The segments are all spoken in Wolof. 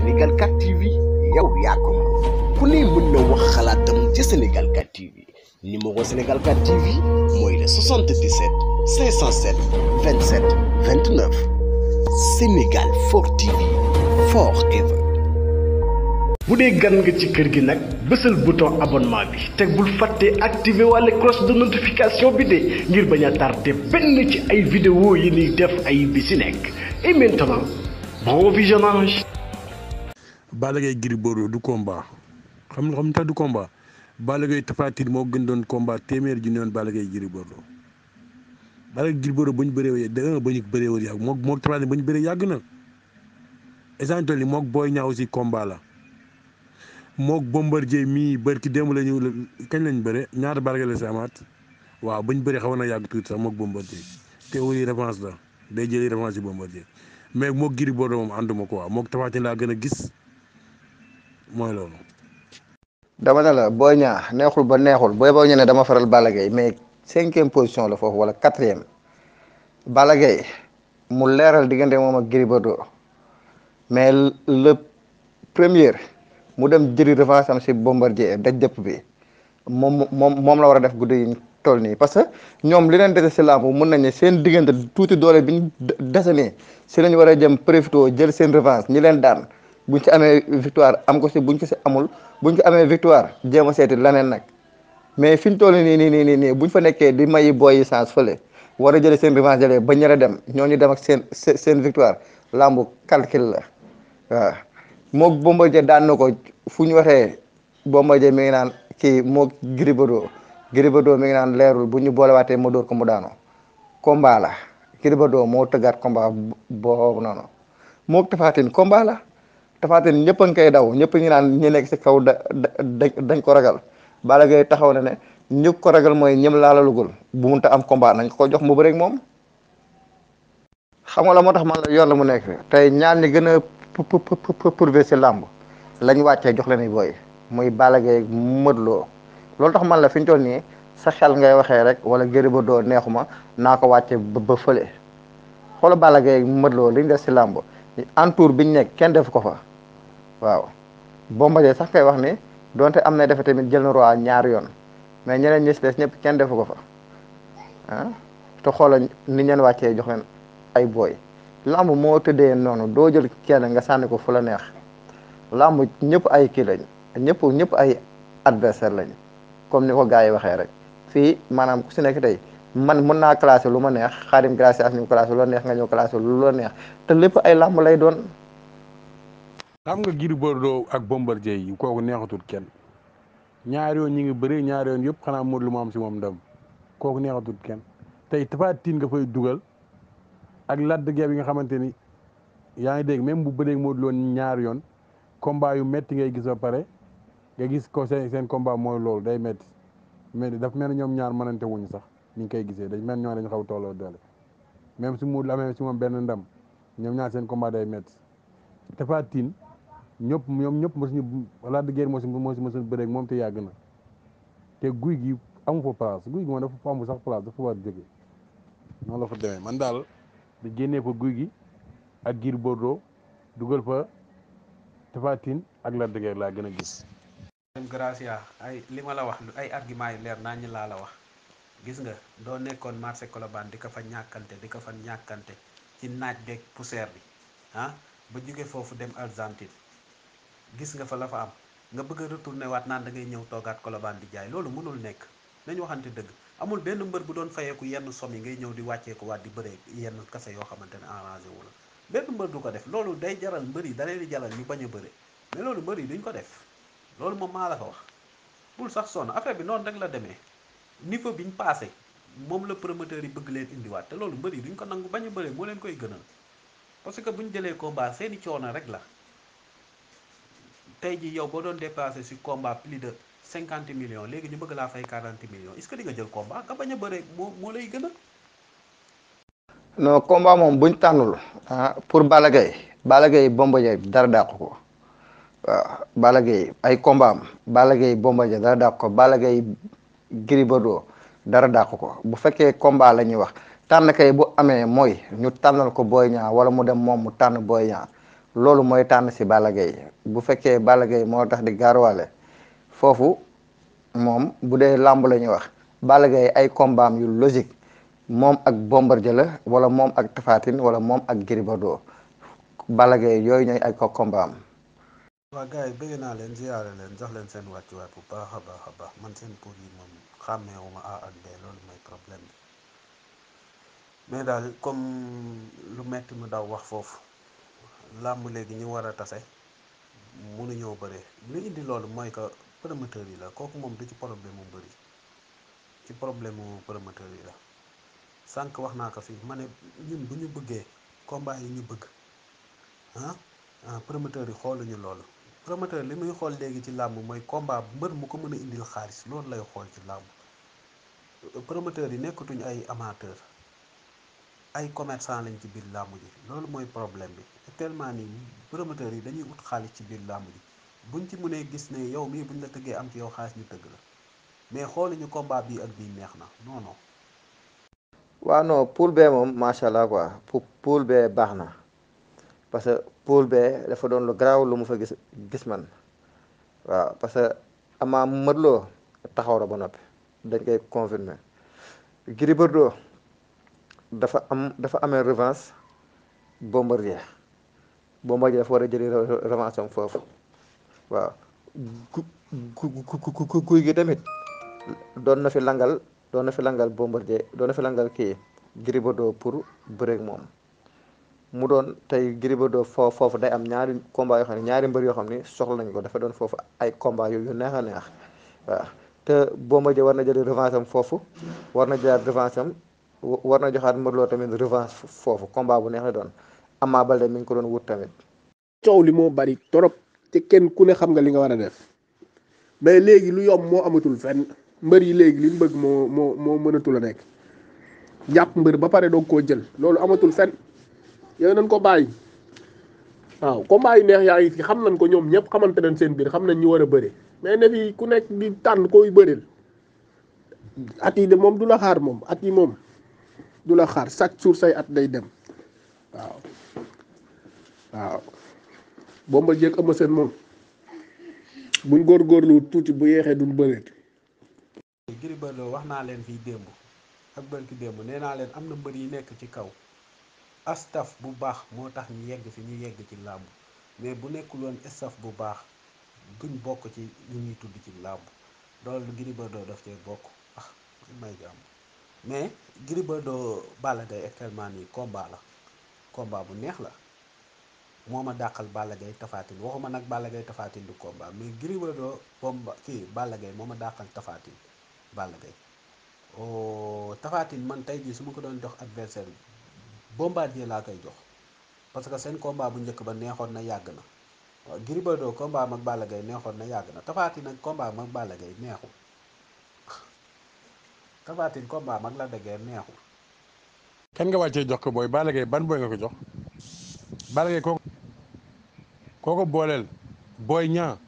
Sénégal 4 TV yow yakum. ko ku ne mën na wax xalaatam ci Sénégal 4 TV numéro Sénégal 4 TV moy le 77 507 27 29 Sénégal 4 TV forever. Si vous gan nga ci kër gi nag bouton abonnement bi teg bul fàtte la cloche de notification bi ne ngir bañ a ci ay vidéo yi ni def ay et maintenant bon visionnage. Balla Gaye Gris Bordeaux du combat xam nga xam nga tax du combat Balla Gaye Tapha moo gën doon combat téeméer ju ne woon Balla Gaye Gris Bordeaux Balla Gaye Gris Bordeaux bu ñu bëree da ba ñu bëree woon yàgg moog moo Tapha Tine bu ñu bëree yàgg na échantillon yi moog Boy Niang aussi bër ki démb la ñu kañ lañ bëre ñaata Balla Gaye waaw bu ñu bëree xawoon yàgg tuuti sax moog Bombardier théorie revanche la day jëli revanche yi Bombardier mais moog Gris Bordeaux moom ànduma quoi moog Tapha Tine laa gën a gis. mooy loolu. dama ne la Boy ñaax neexul ba neexul booy boo ñu ne dama faral Balla Gaye mais cinquième position la foofu wala quatrième Balla Gaye mu leeral diggante moom a Gris mais le premier mu dem jëri revanche am si Bombardier daj dëpp bi moom moom moom la war a def guddi yi toll nii parce que ñoom li leen dese si làmb mun nañ ne seen diggante tuuti doole bi ñu dese nii si lañu war a jëm profité jël seen revanche ñi leen daan. buñ ci amee victoire am ko si buñ ko si amul buñ ko amee victoire jéem a seeti laneen nag mais fi ñu toll nii nii nii nii nii buñ fa nekkee di mayi boy yi chance fële war a jëlee seen revanche jëlee ba ñëra dem ñooñu dem ak seen seen victoire lambu calcul la waaw moo Bombardier daan na ko fu ñu waxee Bombardier mi ngi naan kii moo Gris Bordeaux Gris mi ngi naan leerul bu ñu boolewaatee ma door ko mu daanoo combat la Gris moo tëggaat combat boobu noonu moo Tapha Tine ñëpp a ngi koy daw ñëpp ngi naan ñu nekk si kaw dañ ko ragal bala Gaye taxaw na ne ñu ko ragal mooy ñëm laalalugul bu mun ta am combat nañ ko jox mu bëreeg moom xam nga la moo tax man la yoon la mu nekk tey ñaar ñi gën a prouvé si làmb lañ wàccee jox leen booy muy Balla Gaye Modou Lo loolu tax man la fi ñu toll nii sa xel ngay waxee rek wala Gris Bordeaux neexuma naa ko wàcce ba fële xoolal bala Gaye Modou Lo liñ def si làmb entour biñ nekk kenn def ko fa waaw boo Bombardier sax kay wax ne donte am na defe tamit jël na roi ñaar yoon mais ñeneen ñi ñëpp kenn defu ko fa ah te xoolal ni ñeen wàccee jox leen ay booy làmb moo tëddee noonu doo jël kenn nga sànni ko fu la neex làmb ñëpp ay kii lañ ñëpp ñëpp ay adversaire lañ comme ni ko gars yi waxee rek fii maanaam ku si nekk tey man mun naa classé lu ma neex xaarim gracias ñu classé lu la neex nga ñëw classé lu la neex te lépp ay làmb lay doon xam nga Gris Bordeaux ak Bombardier yi kooku neexatul kenn ñaari yoon ñi ngi bëri ñaari yoon yëpp xanaa Modou Lo ma am si moom ndam kooku neexatul kenn tey Tapha Tine nga fay dugal ak Lac de Guiers nga xamante ni yaa ngi dégg même bu bëree Modou ñaari yoon combat yu metti ngay gis ba pare nga gis ko seen seen combat mooy day metti mais daf mel ne ñoom ñaar mënante wuñu sax ni koy gisee dañ mel ñoo dañu xaw tolloo doole même su Modou Lo amee si benn ndam ñoom ñaar seen combat day metti Tapha Tine nyop nyop nyop nyop nyop de nyop nyop nyop nyop nyop nyop te nyop na te nyop gi amu fa place nyop gi nyop dafa nyop sax place dafa nyop nyop nyop la fa nyop man nyop da nyop fa nyop gi ak nyop nyop nyop fa nyop nyop ak nyop de nyop nyop nyop nyop nyop Gracia ay nyop nyop la wax ay argument nyop leer nyop nyop nyop la wax gis nga nyop nyop marché nyop di nyop fa nyop di nyop fa nyop ci naaj nyop poussière bi nyop ah, ba nyop nyop dem Argentine gis nga fa la fa am nga bëgg a retourné waat naan da ngay ñëw toogaat kolobaan di jaay loolu mënul nekk nañu waxante dëgg amul benn mbër bu doon fayeeku yenn som yi ngay ñëw di ko waat di bëree yenn kase yoo xamante arrangé wu la benn mbër du ko def loolu day jaral mbër yi dalee di jaral ñu bañ a bëre mais loolu mbër yi duñ ko def loolu moom maa la fa wax bul sax sonn affaire bi noonu rek la demee niveau biñ passé moom la promoteur yi bëgg leen indiwaat te loolu mbër yi duñ ko nangu bañ a bëre leen koy gënal parce que buñ jëlee combat seeni coono rek la tey ji yow boo doon dépassé si combat plus de cinquante million léegi ñu bëgg laa fay quarante millions est-ce que di nga jël combat nga bañ a bëre moo moo lay gën a. combat moom buñ tànnul ah pour Balla Gaye Balla Gaye dara dàqu ko waaw ay combat am Balla Gaye Bombardier dara dàqu ko Balla Gaye Gris Bordeaux dara ko bu fekkee combat la ñuy wax tànn kay bu amee mooy ñu tànnal ko Boy Niang wala mu dem moom mu tànn Boy Niang loolu mooy tànn si Balla Gaye bu fekkee Balla yi moo tax di gaarwaale foofu moom bu dee làmb la ñuy wax balaga yi ay kombaam yu logique moom ak Bombardier la wala moom ak Tapha wala moom ak Gris Bordeaux Balla yooyu ñooy ay ko kombaam waa gars naa leen ziyaare leen jox leen seen wàccuwaay bu man seen pour yi moom xàmmeewuma A ak B loolu mooy problème bi daal comme lu metti mu daw wax foofu làmb léegi ñu war a tase mënuñoo bëre lu indi loolu mooy que promoteur yi la kooku moom du ci problème mu mbër yi ci problème mu promoteur yi la sànq wax naa ko fii ma ne ñun bu ñu bëggee combat yi ñu bëgg ah ah promoteur yi xooluñu loolu promoteur li muy xool léegi ci làmb mooy combat mbër mu ko mën a indil xaalis loolu lay xool ci làmb promoteur yi nekkatuñ ay amateur ay commerçant lañ ci biir làmb ji loolu mooy problème bi tellement nii promoteurs yi dañuy ut xaalis ci biir làmb ji buñ ci mënee gis ne yow mii buñ la tëggee am ci yow xaalis ñu tëgg la mais xooluñu combat bii ak bii neex na non non. waaw non bee moom macha allah quoi pour poule bee baax na parce que poule bee dafa doon lu garaaw lu mu fa gis gis man waaw parce que Ama Modou Lô taxaw na ba noppi dañ koy confirmer Gris dafa am dafa amee revanche Bombardier Bombardier dafa war a jëli revanche am foofu waaw ku kuy gi tamit doon na fi langal doon na fi langal Bombardier doon na fi langal kii Gris Bordeaux pour bëreeg moom mu doon tey Gris Bordeaux foofu foofu day am ñaari combat yoo xam ne ñaari mbër yoo xam ne soxla nañ ko dafa doon foofu ay combat yu yu neex a neex waaw te Bombardier war na jëli revanche am foofu war na jëlaat revanche am war na joxaat Modou loo tamit revanche foofu combat bu neex la doon Ama Baldé mi ngi ko doon wut tamit. coow li moo bari trop te kenn ku ne xam nga li nga war a def mais léegi lu yomb moo amatul fenn mbër yi léegi li mu moo moo moo mënatul a nekk jàpp mbër ba pare doog koo jël loolu amatul fenn yooyu nañ ko bàyyi. waaw combat yu neex yaa yi fi xam nañ ko ñoom ñëpp xamante nañ seen biir xam nañ ñu war a bëri mais ne fii ku nekk di tànn koy bëril at yi de moom du la xaar moom at yi moom. du la xaar chaque jour say at day dem waaw waaw Bombardier Eumeu Sène moom buñ góorgóorlu tuuti bu yeexee duñ bëreet. Gris wax naa leen fii démb ak barki démb nee naa leen am na mbër yi nekk ci kaw astaf bu baax moo tax ñu yegg fi ñu yegg ci làmb mais bu nekkul woon staf bu baax duñ bokk ci ñu ñuy tudd ci làmb doolu Gris daf cee bokk ah mais Gris Bordeaux Balla Gaye nii combat la combat bu neex la moo ma dàqal Balla Gaye Tapha Tine waxuma nag Balla Gaye Tapha Tine du combat mais Gris Bordeaux combat kii Balla moo ma dàqal Tapha Tine Balla Gaye oh, man tey jii su ma ko doon jox adversaire bombardier laa koy jox parce que seen combat bu njëkk ba neexoon na yàgg na waaw Gris Bordeaux combat am ak Balla Gaye neexoon na yàgg na Tapha Tine nag combat am ak Balla neexu Tapha ko combat mag la dëgër neexul. kan nga wàccee jox ko booy Balla Gaye ban booy nga ko jox Balla Gaye kooku booleel booy ñaa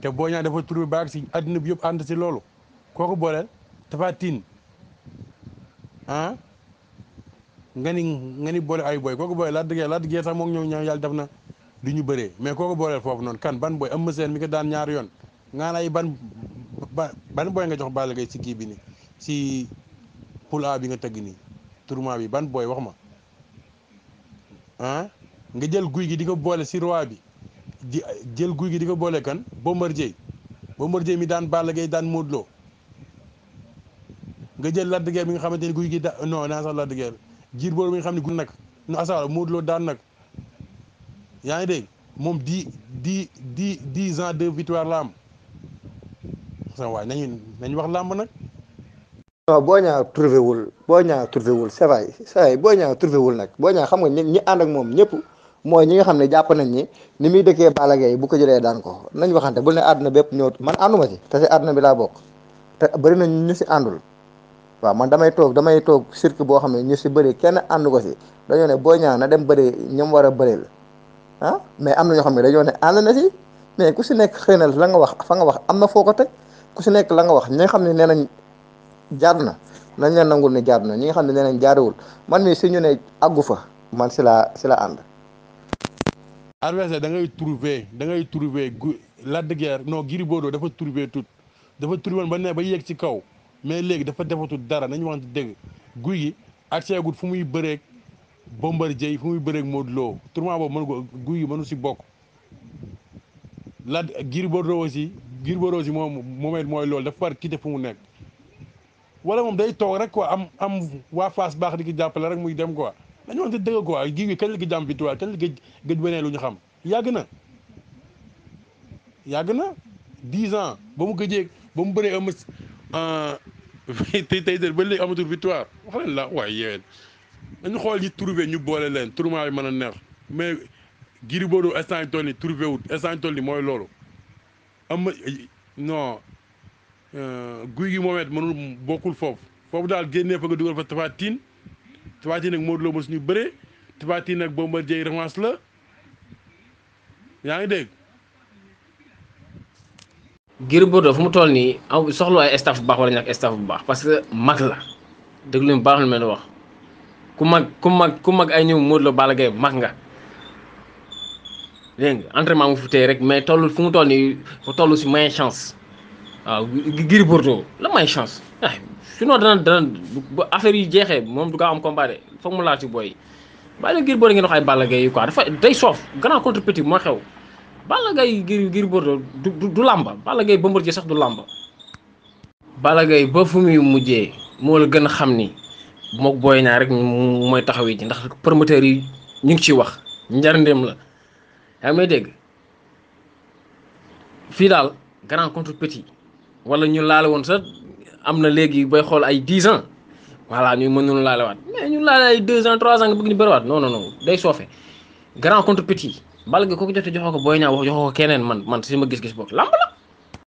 te booy ñaa dafa bi baax si àddina bi yëpp ànd si loolu kooku booleel Tapha Tine ah nga ni nga ni boole ay booy kooku booleel laa dëgër sax moom ñoom ñoom yàlla def na du ñu bëree mais kooku booleel foofu noonu kan ban booy am seen mi ko daan ñaari yoon nga ay ban ban booy nga jox Balla Gaye si kii bi nii. si pulaa bi nga tëgg nii tournoi bi ban booy wax ma ah nga jël guy gi di ko boole si roi bi di jël guy gi di ko boole kan Bombardier Bombardier mi daan Balla Gaye daan Modou nga jël Lac de bi nga xamante ni guy gi da non naa sax Lac de jiir boobu bi nga xam ne guy nag nu asal Modou daan nag yaa ngi dégg moom di di di dix ans de victoire la am sa waay nañu wax làmb nag non boo ñaa trouvé wul boo ñaa trouvé wul c'est vrai c'est vrai boo ñaa trouvé wul nag boo ñaa xam nga ñi ànd moom ñëpp mooy ñi xam ne jàpp nañ ni muy dëkkee Balla Gaye bu ko jëlee daan ko nañ waxante bul ne àdduna bépp ñëw man ànduma ci te si boo xam ne ñu si bëri kenn ànd ko si dañoo boo ñaa na dem bëri ñoom war a bëreel ah mais am na ñoo xam ne dañoo ne ànd na si mais ku si nekk xëy na la nga wax fa nga wax am na foo ko teg ku si nekk la nga wax ñi xam ne nee jaar na nañ leen nangul ni jaar na ñi nga xam ne nee nañ jaarewul man mii si ñu ne àggu fa man si laa si la ànd. adversaire da ngay trouver da ngay trouver gu Lac de Guiers non Gris dafa trouver tout dafa trouver ba ne ba yegg ci kaw mais léegi dafa defatul dara nañu waxante dëgg guy gi ak seegut fu muy bëreeg Bombardier fu muy bëreek Modou Lo tournoi boobu mën ko guy gi mënu si bokk Lac Gris Bordeaux aussi Gris Bordeaux aussi moom moomet mooy loolu dafa war quitté fu mu nekk wala moom day toog rek quoi am am waa Fass baax di ki jàppale rek muy dem quoi dañu wante dëgg quoi gii gi kañ la gi jàmm victoire kañ la gëj gëj wenee lu ñu xam yàgg na yàgg na dix ans ba mu gëjee ba mu bëree ëmb euh, tey tey ba léegi amatul victoire wax leen la waaye yéen dañu xool ñi trouvé ñu boole leen tournoi bi mën a neex mais Gris Bordeaux instant yi toll nii trouvé wut instant yi mooy loolu am non Euh, guy gi moomet mënul bokul fof fof daal génné fa nga duggal fa tabatine tabatine nak modlo ak Modou Lo mos ñu bëre Tapha Tine ak Bombardier revanche la yaangi dégg gir bo do fu mu toll ni aw soxlo ay staff bu baax wala ñak staff bu baax parce que mag la déglu mu baax lu mel wax ku mag ku mag ku mag ay ñew modlo bala gay mag nga. dégg entraînement mu fu rek mais toll fu mu toll ni fu tollu ci moyen chance. waaw ah, Gris Bordeaux la may chance ah sinon dana dana bu affaire yi jeexee moom du ko am combat de foog mu laal ci booy yi bàyyi la Gris Bordeaux ngeen wax ay Balla Gaye quoi dafa day soof xew Balla Gaye Gris Gris Bordeaux du du làmba Balla Gaye Bombardier sax du làmba. Balla ba fu muy mujjee moo la gën a xam ni mook booy naa rek mooy taxawii ji ndax promoteurs yi ñu ngi ciy wax njarndéem la yaa may dégg fii daal grand contre wala ñun laale woon sax am na léegi bay xool ay dix ans voilà ñu mënuñu laalewaat mais ñu laale ay deux ans trois an nga bëgg ñu bëriwaat non non non day soofe grand contre petit bal ga ko ko jotee joxoo ko Boy Niang wax joxoo ko keneen man man si ma gis-gis boog lamb la